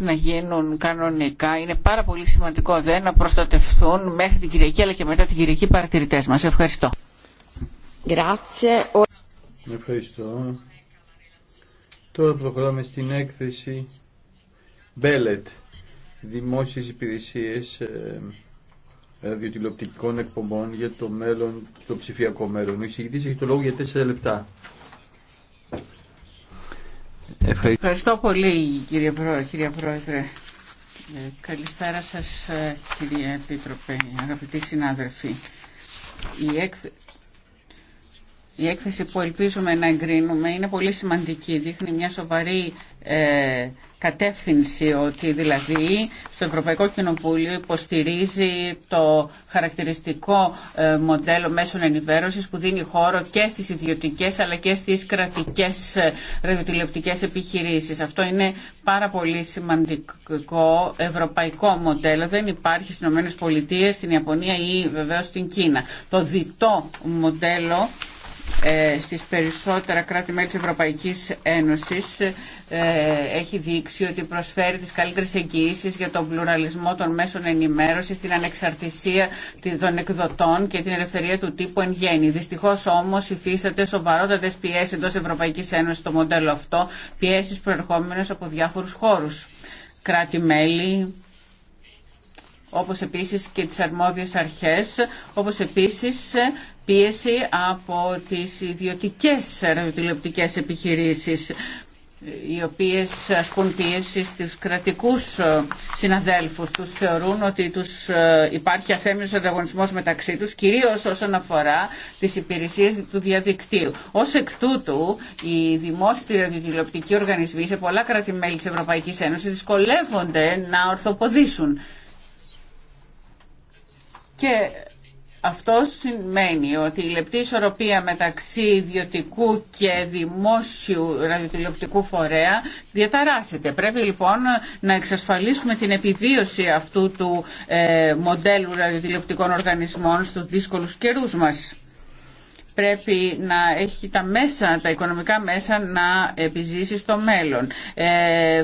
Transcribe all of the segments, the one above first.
να γίνουν κανονικά. Είναι πάρα πολύ σημαντικό δε να προστατευθούν μέχρι την Κυριακή αλλά και μετά την Κυριακή παρατηρητές μας. Ευχαριστώ. Ευχαριστώ. Τώρα προχωράμε στην έκθεση Μπέλετ, δημόσιες υπηρεσίες ε, ραδιοτηλεοπτικών εκπομπών για το μέλλον, το ψηφιακό μέλλον. Ο εισηγητής έχει το λόγο για τέσσερα λεπτά. Ευχαριστώ πολύ κύριε Πρόεδρε. Ε, καλησπέρα σας ε, κύριε Επίτροπε, αγαπητοί συνάδελφοι. Η, Η έκθεση που ελπίζουμε να εγκρίνουμε είναι πολύ σημαντική. Δείχνει μια σοβαρή ε, κατεύθυνση ότι δηλαδή στο Ευρωπαϊκό Κοινοβούλιο υποστηρίζει το χαρακτηριστικό ε, μοντέλο μέσων ενημέρωσης που δίνει χώρο και στις ιδιωτικές αλλά και στις κρατικές ε, ραδιοτηλεοπτικές επιχειρήσεις. Αυτό είναι πάρα πολύ σημαντικό ευρωπαϊκό μοντέλο. Δεν υπάρχει στις ΗΠΑ, στην Ιαπωνία ή βεβαίως στην Κίνα. Το διτό μοντέλο ε, στις περισσότερα κράτη-μέλη της Ευρωπαϊκής Ένωσης ε, έχει δείξει ότι προσφέρει τις καλύτερες εγγυήσεις για τον πλουραλισμό των μέσων ενημέρωσης, την ανεξαρτησία των εκδοτών και την ελευθερία του τύπου εν γέννη. Δυστυχώς όμως υφίσταται σοβαρότατες πιέσεις εντός Ευρωπαϊκής Ένωσης το μοντέλο αυτό, πιέσεις προερχόμενες από διάφορους χώρους. Κράτη-μέλη, όπως επίσης και τις αρμόδιες αρχές, όπως επίσης ε, πίεση από τις ιδιωτικές ραδιοτηλεοπτικές επιχειρήσεις οι οποίες ασκούν πίεση στους κρατικούς συναδέλφους. Τους θεωρούν ότι τους ε, υπάρχει αθέμιος ανταγωνισμός μεταξύ τους, κυρίως όσον αφορά τις υπηρεσίες του διαδικτύου. Ως εκ τούτου, οι δημόσιοι ραδιοτηλεοπτικοί οργανισμοί σε πολλά κράτη-μέλη της Ευρωπαϊκής Ένωσης δυσκολεύονται να ορθοποδήσουν. Και αυτό σημαίνει ότι η λεπτή ισορροπία μεταξύ ιδιωτικού και δημόσιου ραδιοτηλεοπτικού φορέα διαταράσσεται. Πρέπει λοιπόν να εξασφαλίσουμε την επιβίωση αυτού του ε, μοντέλου ραδιοτηλεοπτικών οργανισμών στους δύσκολους καιρούς μας πρέπει να έχει τα μέσα, τα οικονομικά μέσα να επιζήσει στο μέλλον. Ε,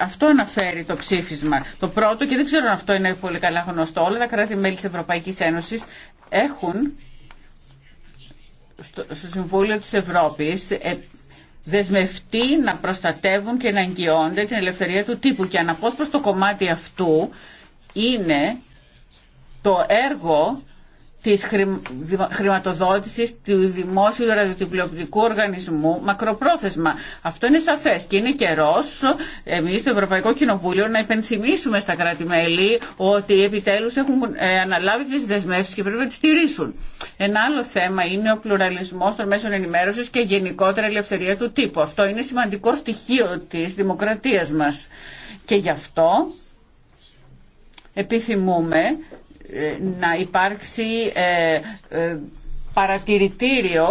αυτό αναφέρει το ψήφισμα. Το πρώτο, και δεν ξέρω αν αυτό είναι πολύ καλά γνωστό, όλα τα κράτη-μέλη της Ευρωπαϊκής Ένωσης έχουν στο Συμβούλιο της Ευρώπης ε, δεσμευτεί να προστατεύουν και να εγγυώνται την ελευθερία του τύπου και αναπόσπαστο κομμάτι αυτού είναι το έργο της χρηματοδότησης του δημόσιου ραδιοτηλεοπτικού οργανισμού μακροπρόθεσμα. Αυτό είναι σαφές και είναι καιρός εμείς στο Ευρωπαϊκό Κοινοβούλιο να υπενθυμίσουμε στα κράτη-μέλη ότι επιτέλους έχουν ε, αναλάβει τις δεσμεύσεις και πρέπει να τις στηρίσουν. Ένα άλλο θέμα είναι ο πλουραλισμός των μέσων ενημέρωσης και γενικότερα ελευθερία του τύπου. Αυτό είναι σημαντικό στοιχείο της δημοκρατίας μας. Και γι' αυτό επιθυμούμε ε, να υπάρξει ε, ε, παρατηρητήριο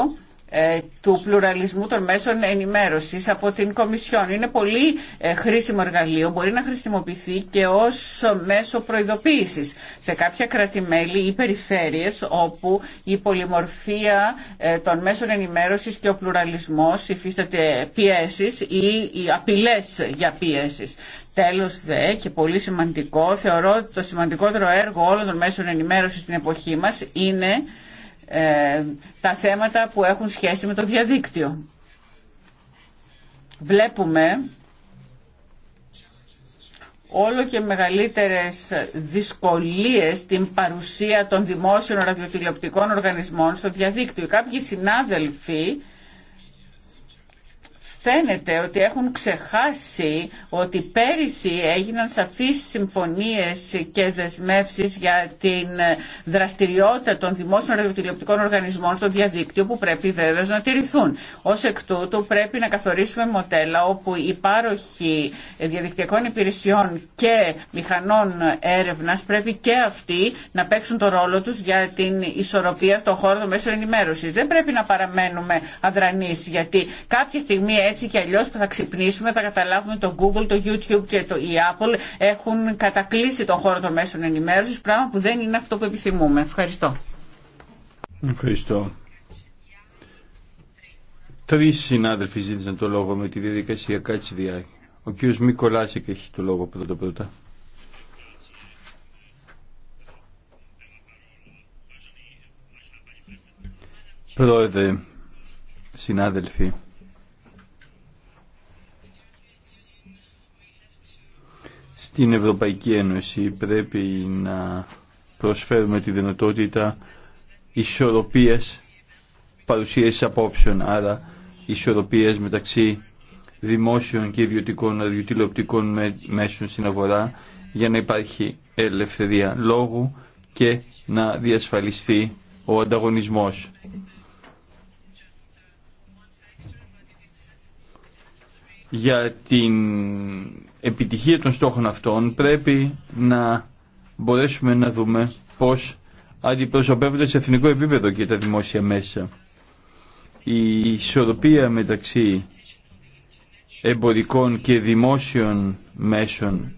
ε, του πλουραλισμού των μέσων ενημέρωσης από την Κομισιόν. Είναι πολύ ε, χρήσιμο εργαλείο, μπορεί να χρησιμοποιηθεί και ως μέσο προειδοποίησης σε κάποια κρατημέλη ή περιφέρειες όπου η πολυμορφία ε, των μέσων ενημέρωσης και ο πλουραλισμός υφίσταται πιέσεις ή απειλές για πιέσεις. Τέλος δε και πολύ σημαντικό, θεωρώ ότι το σημαντικότερο έργο όλων των μέσων ενημέρωσης στην εποχή μας είναι ε, τα θέματα που έχουν σχέση με το διαδίκτυο. Βλέπουμε όλο και μεγαλύτερες δυσκολίες στην παρουσία των δημόσιων ραδιοτηλεοπτικών οργανισμών στο διαδίκτυο. Κάποιοι συνάδελφοι φαίνεται ότι έχουν ξεχάσει ότι πέρυσι έγιναν σαφείς συμφωνίες και δεσμεύσεις για την δραστηριότητα των δημόσιων ραδιοτηλεοπτικών οργανισμών στο διαδίκτυο που πρέπει βέβαια να τηρηθούν. Ως εκ τούτου πρέπει να καθορίσουμε μοντέλα όπου οι πάροχοι διαδικτυακών υπηρεσιών και μηχανών έρευνας πρέπει και αυτοί να παίξουν το ρόλο τους για την ισορροπία στον χώρο των μέσων ενημέρωσης. Δεν πρέπει να παραμένουμε αδρανείς γιατί κάποια στιγμή έτσι κι αλλιώς θα ξυπνήσουμε, θα καταλάβουμε το Google, το YouTube και το, Apple έχουν κατακλείσει τον χώρο των μέσων ενημέρωσης, πράγμα που δεν είναι αυτό που επιθυμούμε. Ευχαριστώ. Ευχαριστώ. Τρεις συνάδελφοι ζήτησαν το λόγο με τη διαδικασία διάγει. Ο κ. Μικολάσικ έχει το λόγο πρώτα πρώτα. Πρόεδρε, συνάδελφοι, στην Ευρωπαϊκή Ένωση πρέπει να προσφέρουμε τη δυνατότητα ισορροπίας παρουσίαση απόψεων, άρα ισορροπίας μεταξύ δημόσιων και ιδιωτικών αδιοτηλεοπτικών μέσων στην αγορά για να υπάρχει ελευθερία λόγου και να διασφαλιστεί ο ανταγωνισμός. Για την επιτυχία των στόχων αυτών πρέπει να μπορέσουμε να δούμε πώς αντιπροσωπεύονται σε εθνικό επίπεδο και τα δημόσια μέσα. Η ισορροπία μεταξύ εμπορικών και δημόσιων μέσων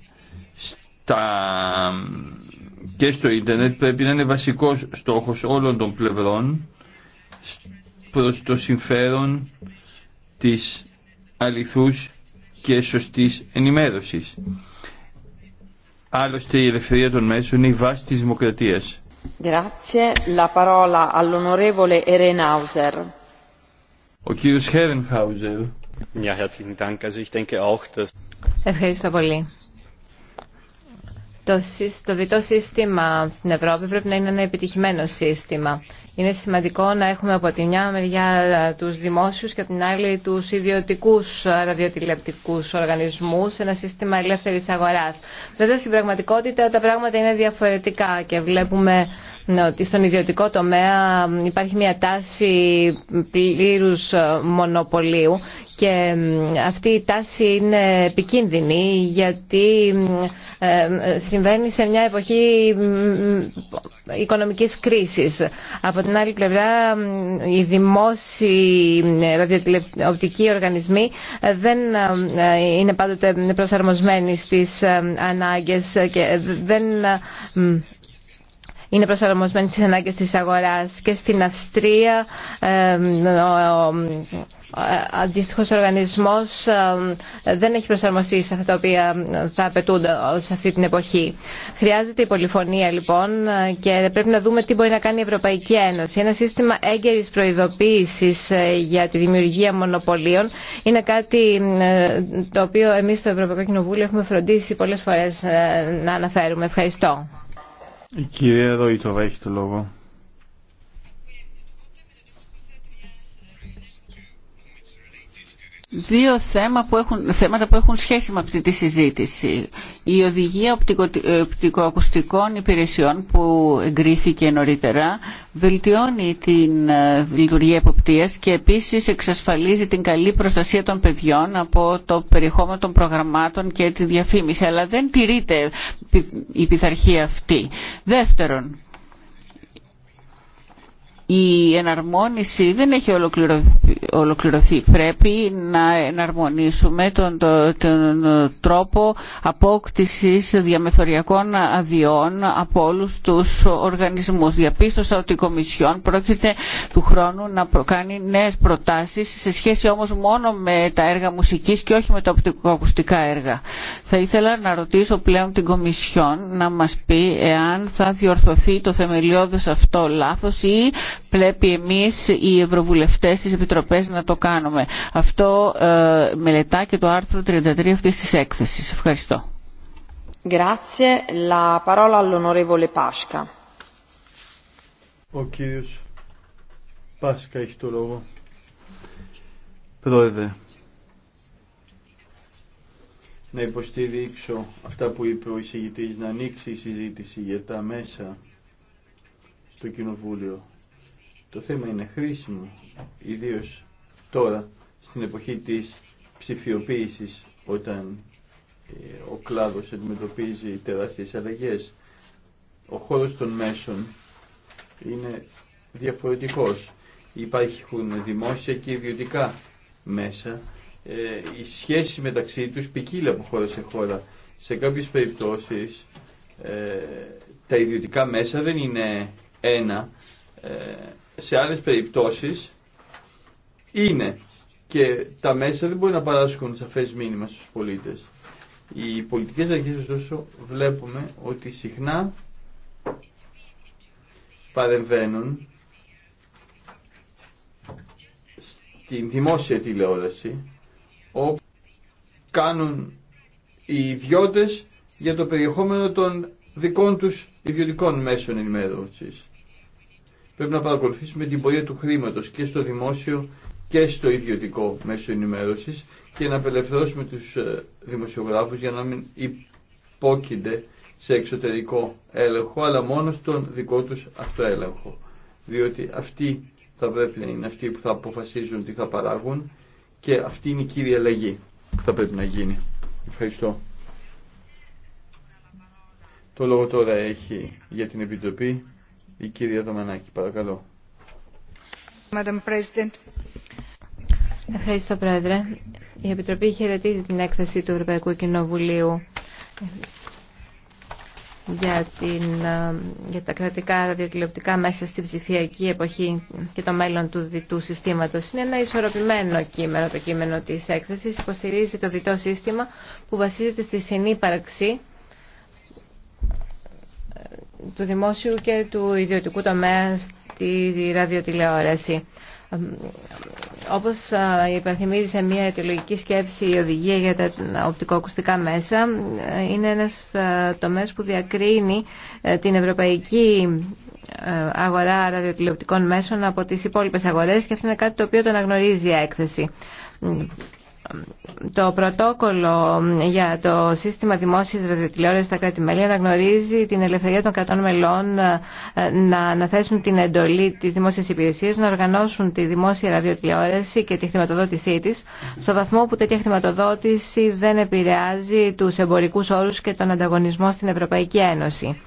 στα... και στο ίντερνετ πρέπει να είναι βασικός στόχος όλων των πλευρών προς το συμφέρον της αληθούς και σωστής ενημέρωσης. Άλλωστε η ελευθερία των μέσων είναι η βάση της δημοκρατίας. Ο κύριος Χέρενχάουζερ. Ευχαριστώ πολύ. Το, το διτό σύστημα στην Ευρώπη πρέπει να είναι ένα επιτυχημένο σύστημα. Είναι σημαντικό να έχουμε από τη μια μεριά ε, τους δημόσιους και από την άλλη τους ιδιωτικούς ε, ραδιοτηλεπτικούς οργανισμούς, ένα σύστημα ελεύθερης αγοράς. Βέβαια στην πραγματικότητα τα πράγματα είναι διαφορετικά και βλέπουμε ναι, ότι στον ιδιωτικό τομέα υπάρχει μια τάση πλήρους ε, μονοπωλίου και αυτή η τάση είναι επικίνδυνη γιατί ε, ε, συμβαίνει σε μια εποχή οικονομικής κρίσης. Από την άλλη πλευρά οι δημόσιοι ραδιοτηλεοπτικοί οργανισμοί δεν είναι πάντοτε προσαρμοσμένοι στις ανάγκες και δεν είναι προσαρμοσμένη στις ανάγκες της αγοράς. Και στην Αυστρία ο αντίστοιχος οργανισμός δεν έχει προσαρμοστεί σε αυτά τα οποία θα απαιτούνται σε αυτή την εποχή. Χρειάζεται η πολυφωνία λοιπόν και πρέπει να δούμε τι μπορεί να κάνει η Ευρωπαϊκή Ένωση. Ένα σύστημα έγκαιρης προειδοποίησης ε, για τη δημιουργία μονοπωλίων είναι κάτι ε, το οποίο εμείς στο Ευρωπαϊκό Κοινοβούλιο έχουμε φροντίσει πολλές φορές ε, να αναφέρουμε. Ευχαριστώ. Η κυρία Ροϊτοβά έχει το λόγο. δύο έχουν, θέματα που έχουν σχέση με αυτή τη συζήτηση. Η οδηγία ε, οπτικοακουστικών υπηρεσιών που εγκρίθηκε νωρίτερα βελτιώνει την ε, λειτουργία εποπτείας και επίσης εξασφαλίζει την καλή προστασία των παιδιών από το περιεχόμενο των προγραμμάτων και τη διαφήμιση. Αλλά δεν τηρείται η πειθαρχία αυτή. Δεύτερον, η εναρμόνιση δεν έχει ολοκληρωθεί. Πρέπει να εναρμονίσουμε τον, τον, τρόπο απόκτησης διαμεθοριακών αδειών από όλους τους οργανισμούς. Διαπίστωσα ότι η Κομισιόν πρόκειται του χρόνου να κάνει νέες προτάσεις σε σχέση όμως μόνο με τα έργα μουσικής και όχι με τα οπτικοακουστικά έργα. Θα ήθελα να ρωτήσω πλέον την Κομισιόν να μας πει εάν θα διορθωθεί το θεμελιώδες αυτό λάθος ή Πρέπει εμείς οι Ευρωβουλευτές της Επιτροπές να το κάνουμε. Αυτό ε, μελετά και το άρθρο 33 αυτής της έκθεσης. Ευχαριστώ. Grazie. La parola all'onorevole Pasca. Ο Πάσκα έχει το λόγο. Πρόεδρε, να υποστηρίξω αυτά που είπε ο εισηγητής, να ανοίξει η συζήτηση για τα μέσα στο Κοινοβούλιο. Το θέμα είναι χρήσιμο, ιδίως τώρα, στην εποχή της ψηφιοποίησης, όταν ε, ο κλάδος αντιμετωπίζει τεράστιες αλλαγές. Ο χώρος των μέσων είναι διαφορετικός. Υπάρχουν δημόσια και ιδιωτικά μέσα. Ε, η σχέση μεταξύ τους ποικίλει από χώρα σε χώρα. Σε κάποιες περιπτώσεις ε, τα ιδιωτικά μέσα δεν είναι ένα σε άλλες περιπτώσεις είναι και τα μέσα δεν μπορεί να παράσχουν σαφές μήνυμα στους πολίτες. Οι πολιτικές αρχές ωστόσο βλέπουμε ότι συχνά παρεμβαίνουν στην δημόσια τηλεόραση όπου κάνουν οι ιδιώτες για το περιεχόμενο των δικών τους ιδιωτικών μέσων ενημέρωσης. Πρέπει να παρακολουθήσουμε την πορεία του χρήματος και στο δημόσιο και στο ιδιωτικό μέσο ενημέρωσης και να απελευθερώσουμε τους ε, δημοσιογράφους για να μην υπόκεινται σε εξωτερικό έλεγχο, αλλά μόνο στον δικό τους αυτοέλεγχο. Διότι αυτοί θα πρέπει να είναι αυτοί που θα αποφασίζουν τι θα παράγουν και αυτή είναι η κύρια αλλαγή που θα πρέπει να γίνει. Ευχαριστώ. Το λόγο τώρα έχει για την Επιτροπή η κυρία Δαμανάκη, παρακαλώ. Ευχαριστώ, Πρόεδρε. Η Επιτροπή χαιρετίζει την έκθεση του Ευρωπαϊκού Κοινοβουλίου για, για τα κρατικά ραδιοτηλεοπτικά μέσα στη ψηφιακή εποχή και το μέλλον του διτού συστήματος. Είναι ένα ισορροπημένο κείμενο το κείμενο της έκθεσης. Υποστηρίζει το διτό σύστημα που βασίζεται στη συνύπαρξη του δημόσιου και του ιδιωτικού τομέα στη ραδιοτηλεόραση. Όπως υπενθυμίζει μια αιτιολογική σκέψη η οδηγία για τα οπτικοακουστικά μέσα, είναι ένας τομέας που διακρίνει ε, την ευρωπαϊκή ε, αγορά ραδιοτηλεοπτικών μέσων από τις υπόλοιπες αγορές και αυτό είναι κάτι το οποίο το αναγνωρίζει η έκθεση το πρωτόκολλο για το σύστημα δημόσιας ραδιοτηλεόρασης στα κράτη-μέλη αναγνωρίζει την ελευθερία των κρατών μελών ε, να αναθέσουν την εντολή της δημόσιας υπηρεσίας να οργανώσουν τη δημόσια ραδιοτηλεόραση και τη χρηματοδότησή της στο βαθμό που τέτοια χρηματοδότηση δεν επηρεάζει τους εμπορικούς όρους και τον ανταγωνισμό στην Ευρωπαϊκή Ένωση.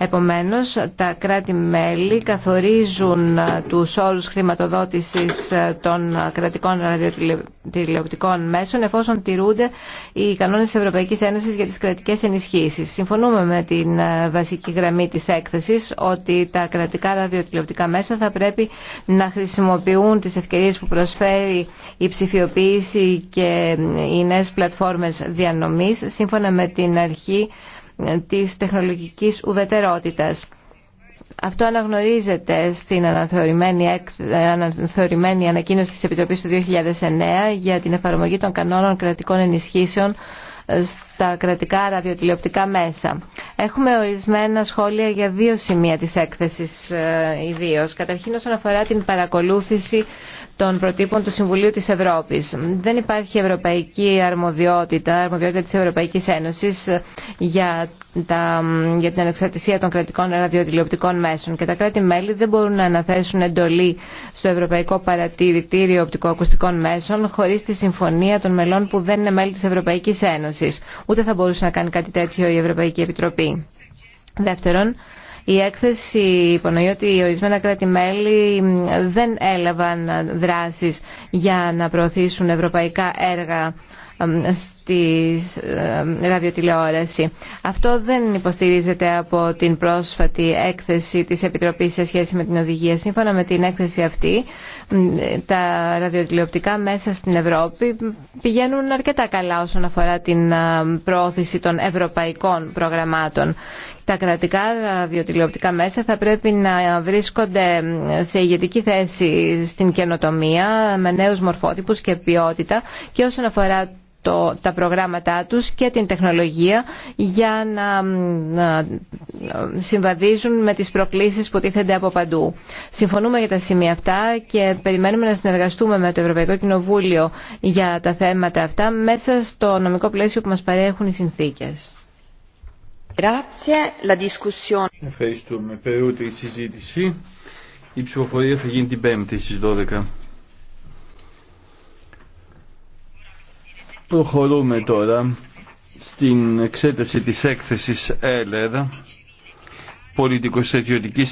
Επομένως, τα κράτη-μέλη καθορίζουν ε, τους όρους χρηματοδότησης ε, των κρατικών ραδιοτηλεοπτικών μέσων εφόσον τηρούνται οι κανόνες της Ευρωπαϊκής Ένωσης για τις κρατικές ενισχύσεις. Συμφωνούμε με την ε, βασική γραμμή της έκθεσης ότι τα κρατικά ραδιοτηλεοπτικά μέσα θα πρέπει να χρησιμοποιούν τις ευκαιρίες που προσφέρει η ψηφιοποίηση και οι νέες πλατφόρμες διανομής σύμφωνα με την αρχή της τεχνολογικής ουδετερότητας. Αυτό αναγνωρίζεται στην αναθεωρημένη, αναθεωρημένη ανακοίνωση της Επιτροπής του 2009 για την εφαρμογή των κανόνων κρατικών ενισχύσεων ε, στα κρατικά ραδιοτηλεοπτικά μέσα. Έχουμε ορισμένα σχόλια για δύο σημεία της έκθεσης ε, ιδίως. Καταρχήν όσον αφορά την παρακολούθηση των προτύπων του Συμβουλίου της Ευρώπης. Δεν υπάρχει ευρωπαϊκή αρμοδιότητα, αρμοδιότητα της Ευρωπαϊκής Ένωσης για, τα, για την ανεξαρτησία των κρατικών ραδιοτηλεοπτικών μέσων και τα κράτη-μέλη δεν μπορούν να αναθέσουν εντολή στο Ευρωπαϊκό Παρατηρητήριο Οπτικοακουστικών Μέσων χωρίς τη συμφωνία των μελών που δεν είναι μέλη της Ευρωπαϊκής Ένωσης. Ούτε θα μπορούσε να κάνει κάτι τέτοιο η Ευρωπαϊκή Επιτροπή. Δεύτερον, η έκθεση υπονοεί ότι ορισμένα κράτη-μέλη δεν έλαβαν δράσεις για να προωθήσουν ευρωπαϊκά έργα στη ραδιοτηλεόραση. Αυτό δεν υποστηρίζεται από την πρόσφατη έκθεση της Επιτροπής σε σχέση με την οδηγία. Σύμφωνα με την έκθεση αυτή, τα ραδιοτηλεοπτικά μέσα στην Ευρώπη πηγαίνουν αρκετά καλά όσον αφορά την προώθηση των ευρωπαϊκών προγραμμάτων. Τα κρατικά ραδιοτηλεοπτικά μέσα θα πρέπει να βρίσκονται σε ηγετική θέση στην καινοτομία με νέους μορφότυπους και ποιότητα και όσον αφορά το, τα προγράμματά τους και την τεχνολογία για να, να συμβαδίζουν με τις προκλήσεις που τίθενται από παντού. Συμφωνούμε για τα σημεία αυτά και περιμένουμε να συνεργαστούμε με το Ευρωπαϊκό Κοινοβούλιο για τα θέματα αυτά μέσα στο νομικό πλαίσιο που μας παρέχουν οι συνθήκες. Ευχαριστούμε. Περούτε συζήτηση. Η ψηφοφορία θα γίνει την Πέμπτη στις 12. Προχωρούμε τώρα στην εξέταση της έκθεσης ΕΛΕΡ πολιτικο-στρατιωτική